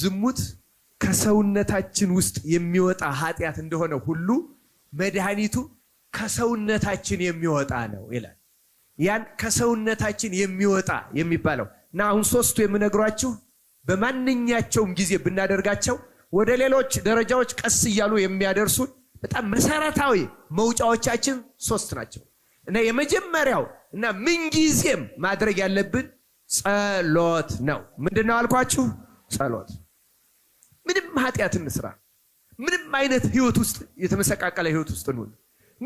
ዝሙት ከሰውነታችን ውስጥ የሚወጣ ኃጢአት እንደሆነ ሁሉ መድኃኒቱ ከሰውነታችን የሚወጣ ነው ይላል። ያን ከሰውነታችን የሚወጣ የሚባለው እና አሁን ሶስቱ የምነግሯችሁ በማንኛቸውም ጊዜ ብናደርጋቸው ወደ ሌሎች ደረጃዎች ቀስ እያሉ የሚያደርሱን በጣም መሰረታዊ መውጫዎቻችን ሶስት ናቸው እና የመጀመሪያው እና ምንጊዜም ማድረግ ያለብን ጸሎት ነው። ምንድን ነው አልኳችሁ? ጸሎት። ምንም ኃጢአት እንስራ፣ ምንም አይነት ህይወት ውስጥ የተመሰቃቀለ ህይወት ውስጥ እንሁን፣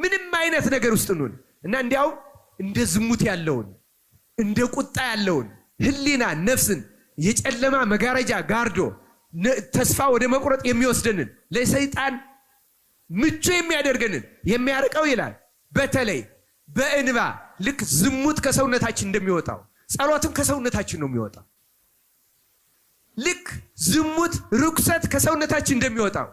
ምንም አይነት ነገር ውስጥ እንሁን እና እንዲያውም እንደ ዝሙት ያለውን እንደ ቁጣ ያለውን ህሊና ነፍስን የጨለማ መጋረጃ ጋርዶ ተስፋ ወደ መቁረጥ የሚወስደንን ለሰይጣን ምቹ የሚያደርገንን የሚያርቀው ይላል። በተለይ በእንባ ልክ ዝሙት ከሰውነታችን እንደሚወጣው ጸሎትም ከሰውነታችን ነው የሚወጣው። ዝሙት፣ ርኩሰት ከሰውነታችን እንደሚወጣው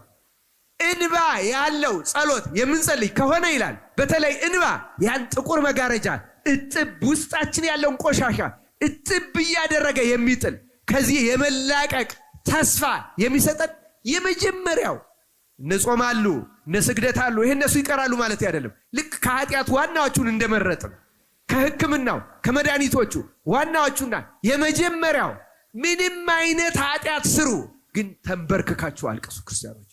እንባ ያለው ጸሎት የምንጸልይ ከሆነ ይላል። በተለይ እንባ ያን ጥቁር መጋረጃ እጥብ ውስጣችን ያለውን ቆሻሻ እጥብ እያደረገ የሚጥል ከዚህ የመላቀቅ ተስፋ የሚሰጠን የመጀመሪያው ንጾም አሉ ንስግደት አሉ። ይህ እነሱ ይቀራሉ ማለት አይደለም። ልክ ከኃጢአት ዋናዎቹን እንደመረጥን ከሕክምናው ከመድኃኒቶቹ ዋናዎቹና የመጀመሪያው ምንም አይነት ኃጢአት ስሩ፣ ግን ተንበርክካችሁ አልቅሱ። ክርስቲያኖች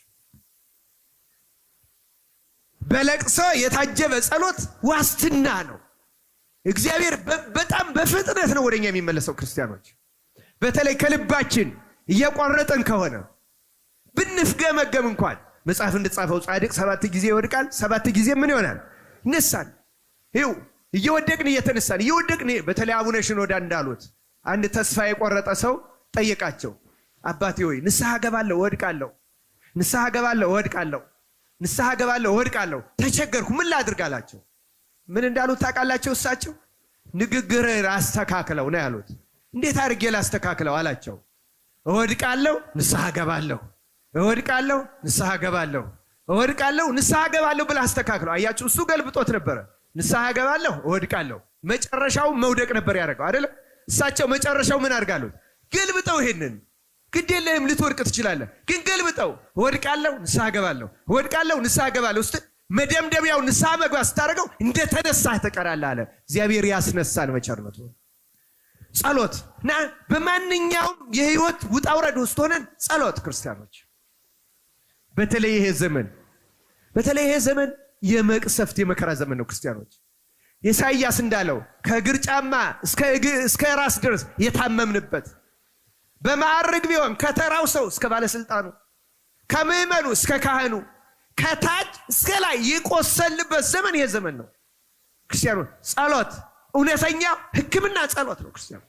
በለቅሶ የታጀበ ጸሎት ዋስትና ነው። እግዚአብሔር በጣም በፍጥነት ነው ወደኛ የሚመለሰው። ክርስቲያኖች በተለይ ከልባችን እያቋረጠን ከሆነ ብንፍገመገም እንኳን መጽሐፍ እንደጻፈው ጻድቅ ሰባት ጊዜ ይወድቃል፣ ሰባት ጊዜ ምን ይሆናል? ይነሳል። ይኸው እየወደቅን እየተነሳን እየወደቅን በተለይ አቡነ ሽኖዳ እንዳሉት አንድ ተስፋ የቆረጠ ሰው ጠየቃቸው። አባቴ ሆይ ንስሐ ገባለሁ ወድቃለሁ፣ ንስሐ ገባለሁ ወድቃለሁ፣ ንስሐ ገባለሁ ወድቃለሁ፣ ተቸገርኩ፣ ምን ላድርግ አላቸው። ምን እንዳሉት ታውቃላቸው? እሳቸው ንግግር አስተካክለው ነው ያሉት። እንዴት አድርጌ ላስተካክለው አላቸው። እወድቃለሁ፣ ንስሐ ገባለሁ፣ እወድቃለሁ፣ ንስሐ ገባለሁ፣ እወድቃለሁ፣ ንስሐ ገባለሁ ብለ አስተካክለው። አያችሁ፣ እሱ ገልብጦት ነበረ። ንስሐ ገባለሁ፣ እወድቃለሁ፣ መጨረሻው መውደቅ ነበር ያደረገው አይደለም። እሳቸው መጨረሻው ምን አድርጋሉ? ገልብጠው ይሄንን ግድ የለህም ልትወድቅ ትችላለህ፣ ግን ገልብጠው። እወድቃለሁ፣ ንስሐ ገባለሁ፣ እወድቃለሁ፣ ንስሐ ገባለሁ ስትል መደምደሚያው ንስሐ መግባት ስታደርገው እንደ ተነሳህ ትቀራለህ አለ። እግዚአብሔር ያስነሳል። መቸርነቱ ጸሎት እና በማንኛውም የህይወት ውጣውረድ ውስጥ ሆነን ጸሎት ክርስቲያኖች፣ በተለይ ይሄ ዘመን በተለይ ይሄ ዘመን የመቅሰፍት የመከራ ዘመን ነው ክርስቲያኖች ኢሳይያስ እንዳለው ከእግር ጫማ እስከ ራስ ድረስ የታመምንበት በማዕርግ ቢሆን ከተራው ሰው እስከ ባለስልጣኑ፣ ከምዕመኑ እስከ ካህኑ፣ ከታች እስከ ላይ የቆሰልበት ዘመን ይሄ ዘመን ነው። ክርስቲያኑ ጸሎት እውነተኛ ሕክምና ጸሎት ነው። ክርስቲያኑ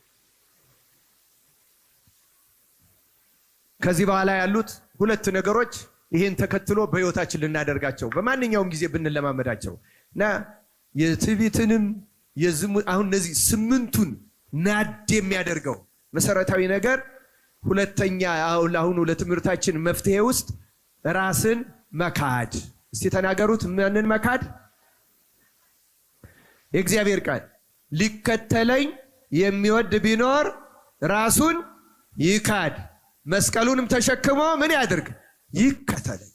ከዚህ በኋላ ያሉት ሁለት ነገሮች ይህን ተከትሎ በሕይወታችን ልናደርጋቸው በማንኛውም ጊዜ ብንለማመዳቸው የትዕቢትንም አሁን እነዚህ ስምንቱን ናድ የሚያደርገው መሰረታዊ ነገር ሁለተኛ ለአሁኑ ለትምህርታችን መፍትሄ ውስጥ ራስን መካድ። እስቲ ተናገሩት። ማንን መካድ? የእግዚአብሔር ቃል ሊከተለኝ የሚወድ ቢኖር ራሱን ይካድ፣ መስቀሉንም ተሸክሞ ምን ያድርግ? ይከተለኝ።